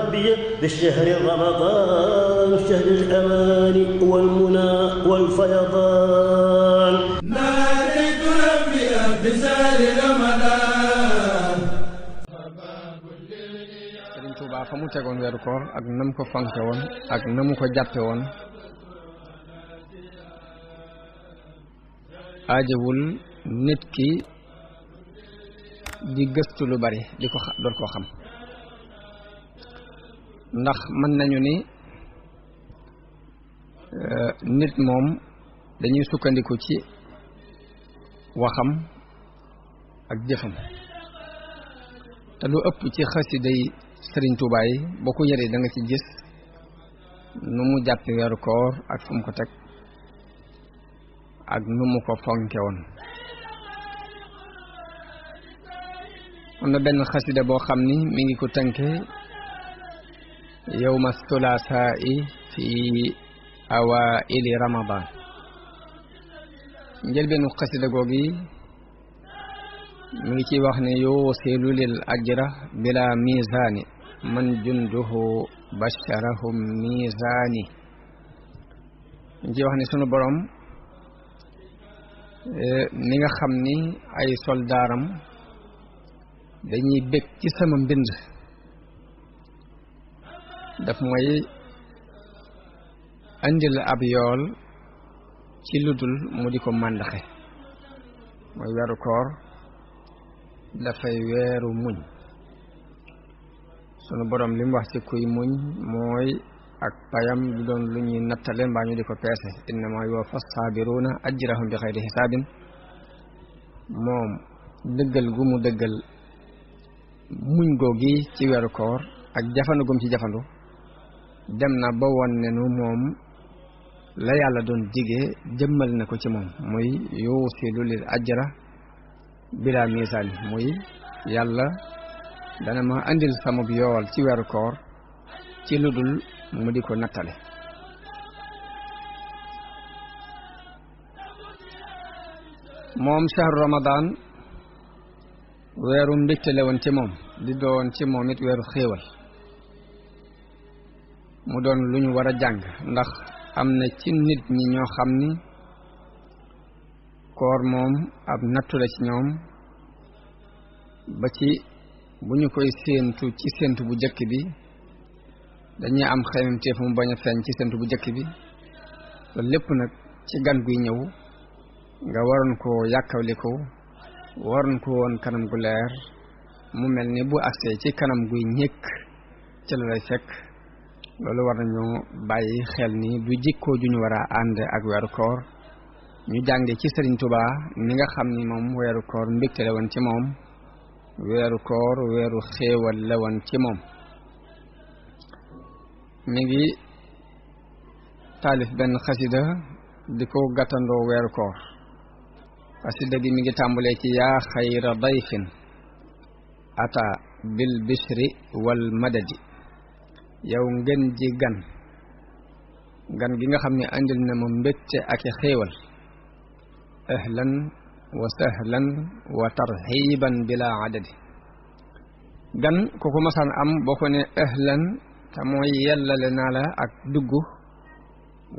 ربي بالشهر رمضان شهر الأمان والمنى والفيضان ما رأيت ربي بسهر رمضان سيدنا توبا فمو تكون ويركو اك نمكو فانكوون اك نمكو جاتوون اجبول نتكي di gëstu lu bari di ko dor ndax man nañu ni euh, nit mom dañuy sukkandiku ci waxam ak jëfam te lu ëpp ci xasida yi sëriñ tuubaa yi boo ko yëree da nga ci gis nu mu jàppe weeru koor ak fu mu ko teg ak nu mu ko fonke woon am na benn xasida boo xam ni mi ngi ko yowma thulathai fi awaili ramadan njëlbeenu xasida googi mi ngi ciy wax ne yuusilu lil ajra bila misaani man junduhu basharahum misaani mi ngi ciy wax ni sunu borom eh, mi nga xam ni ay soldaaram dañuy bég ci sama mbind daf may andil ab yool ci ludul mu di ko màndaxe mooy weeru koor dafay weeru muñ sunu borom li mu wax ci kuy muñ mooy ak payam du doon lu ñuy nattale mbaa ñu di ko peese innama yuwaffa saabiruna ajrahum bi xayri xisaabin moom dëggal gu mu dëggal muñ googi ci weeru koor ak jafandu gum ci jafandu dem na ba won ne moom la yàlla doon digee jëmmal na ko ci moom muy yuusilu lil ajra bila misaani muy yàlla dana ma andil sama yool ci weeru koor ci lu dul mu di ko nattale moom shahru ramadan weeru mbégte la woon ci moom di doon ci moom it weeru xéewal mu doon lu ñu war a jàng ndax am na ci nit ñi ñoo xam ni koor moom ab nattu ci ñoom ba ci bu ñu koy séentu ci séentu bu jëkk bi dañuy am xememteef mu bañ a feeñ ci séentu bu jëkk bi loolu lépp nag ci gan guy ñëw nga waroon koo yàkkawli ko waroon ko woon kanam gu leer mu mel ni bu agsee ci kanam guy ñëkk ci la lay fekk lolu war nañu bàyyi xel ni du jikkoo ju ñu war a ànd ak weeru koor ñu jànge ci sëriñ tuba ni nga xam ni moom weeru koor mbégte la woon ci moom weeru koor weeru xéewal la woon ci moom mi ngi taalif benn xasida di ko gàttandoo weeru koor xasida bi mi ngi tàmbalee ci yaa xayra dayfin ata bil bisri wal madadi yow ngeen ji gan gan gi nga xam ne andil na ma mbégte ak xéewal ahlan wa sahlan wa tarxiban bila adadi gan ko ko masaan am boo ne ahlan te mooy yellale naa la ak dugg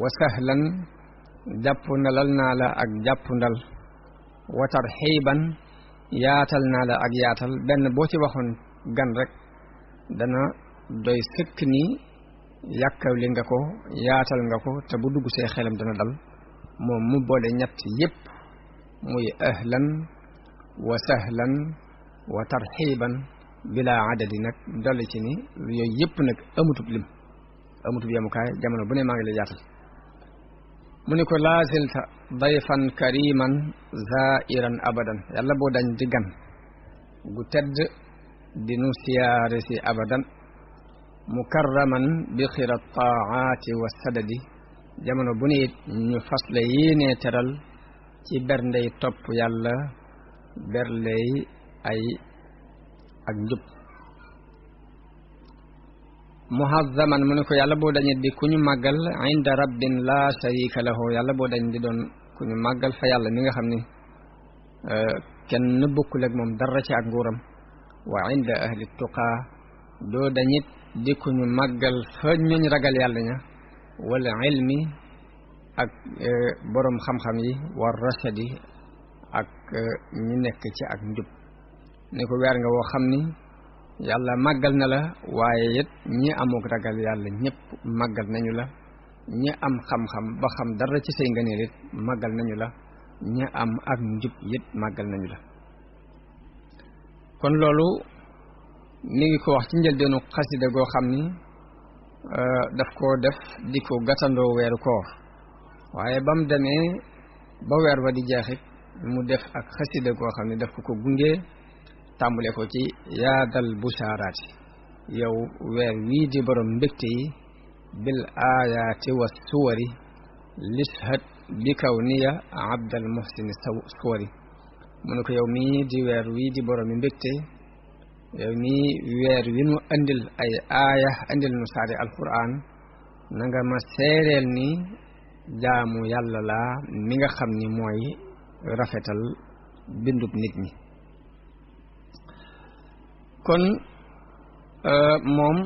wa sahlan jàpp ndalal naa la ak jàpp ndal wa tarxiban yaatal naa la ak yaatal benn boo ci waxoon gan rek dana doy sëkk ni yàkkaw li nga ko yaatal nga ko te bu dugg see xelam dana dal moom mu boole ñett yépp muy ahlan wa sahlan wa tarxiiban bila adadi nag dolli ci ni yooyu yépp nag amutub lim amutub yemukaay jamono bu ne maa ngi lay yaatal mu ni ko laasilta dayfan kariman zairan abadan yàlla boo dañ di gu tedd di nu siyaare si abadan مكرما بخير الطاعات والسدد جمن بنيت نفصل يين ترل تي برلي توب يالا برلي اي اجب محظما منكو يالا بو داني دي كوني ماغال عند رب لا شريك له يالا بو داني دي دون كوني ماغال فا يالا نيغا خامني ا آه، كين نوبوكو لك موم دارا سي اك غورم وعند اهل التقى دو دانيت diko ñu màggal fa ñooñ ragal yalla ña wala ilmi ak eh, borom xam-xam yi war rashadi ak eh, ñi nekk ci ak njub ne ko wer nga wo xamni yalla maggal na la waye yet ñi amuk ragal yalla ñëpp màggal nañu la ñi am xam-xam ba xam dara ci sey ngëneel it nañu la ñi am ak njub yet màggal nañu la kon lolu mi ngi ko wax ci njëlbeenu xasida goo xam ni euh, daf ko def di ko gàttandoo weer koor waaye ba mu demee ba weer wa di jeexit mu def ak xasida goo xam ne daf ko gunge tàmbale ko ci yaadal bushaaraati yow weer wii di borom mbégte yi bil aayaati wa suwari lishat bi kaw niya abdal muhsin suwari mu ne ko yow mii di weer wii di borom mbégte ni weer wi nu andil ay aaya andil nu saari alquran na nga ma seereel ni jaamu yàlla laa mi nga xam ni mooy rafetal bindub nit ñi kon moom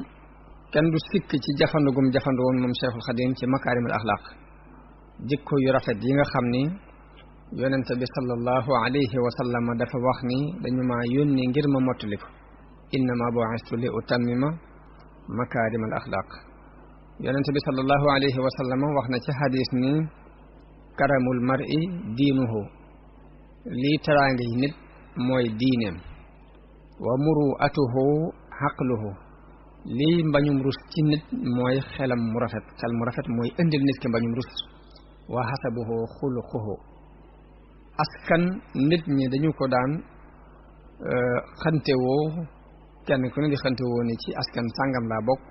kenn du sikk ci jafandugum jafandu woon moom cheikhul xadim ci makaarimul axlaq jikko yu rafet yi nga xam ni yonente bi sallallahu alayhi wa sallam dafa wax ni dañu ma yónni ngir ma mottali ko innama bu'istu li utammima makarim al akhlaq yonente bi sallallahu alayhi wa sallam wax na ci hadis ni karamul mar'i diinuhu lii teraanga yi nit mooy diineem wa muru'atuhu xaqluhu lii mbañum rus ci nit mooy xelam mu rafet xel mu rafet mooy indil nit ki mbañum rus wa xasabuhu xuluquhu askan nit ñi dañu ko daan xantewoo kenn ku ne di xante ci askan sàngam laa bokk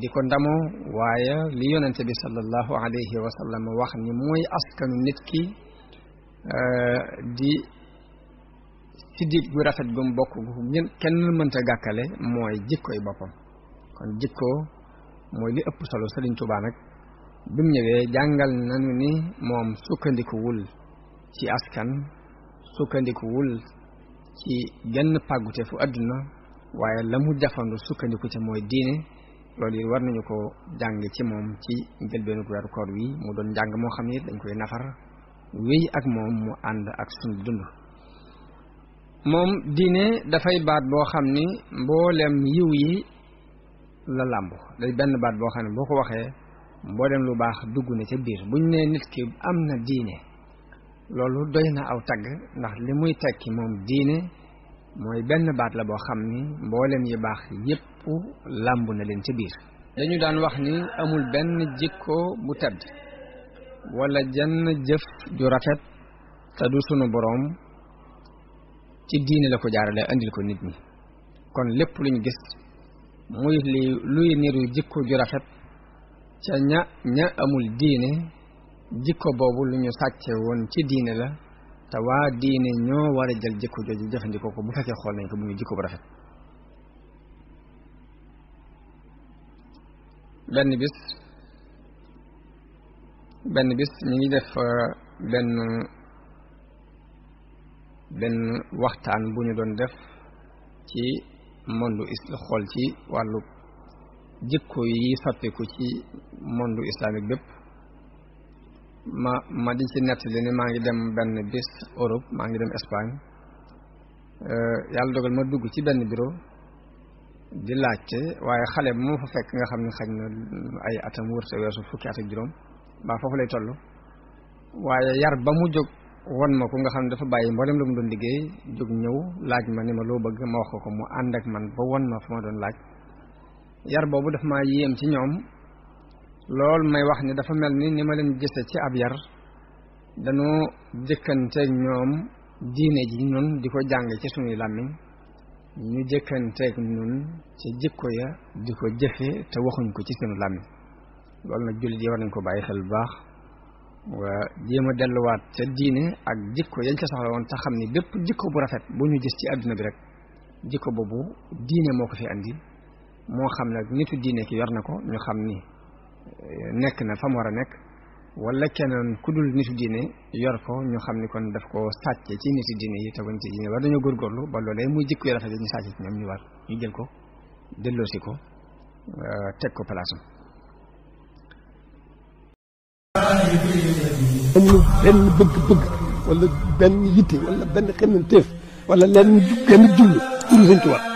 di ko ndamoo waaye li yonente bi sallallahu alayhi wa sallam wax ni mooy askanu nit ki euh, di siddiq gu rafet gu mu bokk gu kenn mënta gàkkale mooy jikkoy boppam kon jikkoo mooy li ëpp solo sa Tuubaa nag bi mu ñëwee jàngal nañu ni moom sukkandikuwul ci askan sukkandikuwul ci genn pàggute fu àdduna waaye la mu jafandu sukkandiku ci mooy diine loolu yi war nañu ko jàng ci moom ci njëlbeenu weeru koor wi mu doon njàng moo xam ni dañ koy nafar wéy ak moom mu ànd ak suñu dund moom diine dafay baat boo xam ni mboolem yiw yi la làmb day benn baat boo xam ne boo ko waxee mboolem lu baax dugg na ca biir buñ nee nit ki am na diine loolu doy na aw tagg ndax li muy tekki moom diine mooy benn baat la boo xam ni mboolem yi baax yépp làmb na leen ci biir dañu daan wax ni amul benn jikko bu tedd wala jenn jëf ju rafet te du sunu boroom ci diine la ko jaarale andil ko nit ñi kon lépp luñ gis muy li luy niru jikko ju rafet ca ña ña amul diine jikko boobu lu ñu sàcce woon ci diine la te waa diine ñoo war a jël jikko jooju jëfandikoo ko bu fekkee xool nañ ko ngi jikko bu rafet benn bis benn bis ñu ngi def euh, benn benn waxtaan bu ñu doon def ci mondu islam xool ci wàllu jikko yi soppiku ci mondu islamique bépp ma ma di ci nettali ni maa ngi dem benn bis Europe maa ngi dem Espagne euh, yàlla dogal ma dugg ci benn biro di laajte waaye xale bi ma fa fekk nga xam ne xaj na ay atam wër sa fukki at ak juróom mbaa foofu lay toll waaye yar ba mu jóg won ma ko nga xam ne dafa bàyyi mboolem lu mu doon liggéey jóg ñëw laaj ma ni ma loo bëgg ma wax ko ko mu ànd ak man ba won ma fa ma doon laaj yar boobu daf maa yéem ci ñoom loolu may wax ni dafa mel ni ni ma leen gise ci ab yar dañoo jëkkanteeg ñoom diine ji ñun di ko jàng ci suñuy làmmiñ ñu jëkkanteeg ñun ci jikko ya di ko jëfe te waxuñ ko ci suñu làmmiñ loolu nag jullit yi war nañ ko bàyyi xel bu baax waa jéem a delluwaat ca diine ak jikko yañ ca soxla woon te xam ni bépp jikko bu rafet bu ñu gis ci àdduna bi rek jikko boobu diine moo ko fi andi moo xam nag nitu diine ki yor na ko ñu xam ni nekk na fa mu war a nekk wala keneen ku dul nitu diine yor ko ñu xam ni kon daf ko sàcce ci nitu diine yi te buñ ci diine war dañoo góorgóorlu ba loolee muy jikko rafet ñu sàcce ci ñoom ñu war ñu jël ko delloosi ko euh, teg ko palaasam. amul benn bëgg-bëgg wala benn yitte wala benn xemmanteef wala lenn benn jullu pour Sëñ Tuubaa